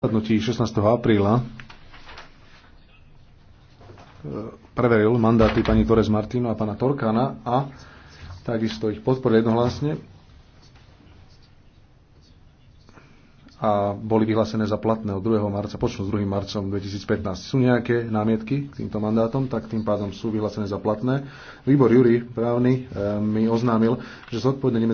zasadnutí 16. apríla e, preveril mandáty pani Torres Martino a pana Torkana a takisto ich podporil jednohlasne a boli vyhlásené za platné od 2. marca, počnú s 2. marcom 2015. Sú nejaké námietky k týmto mandátom, tak tým pádom sú vyhlásené za platné. Výbor Júri právny e, mi oznámil, že zodpovedné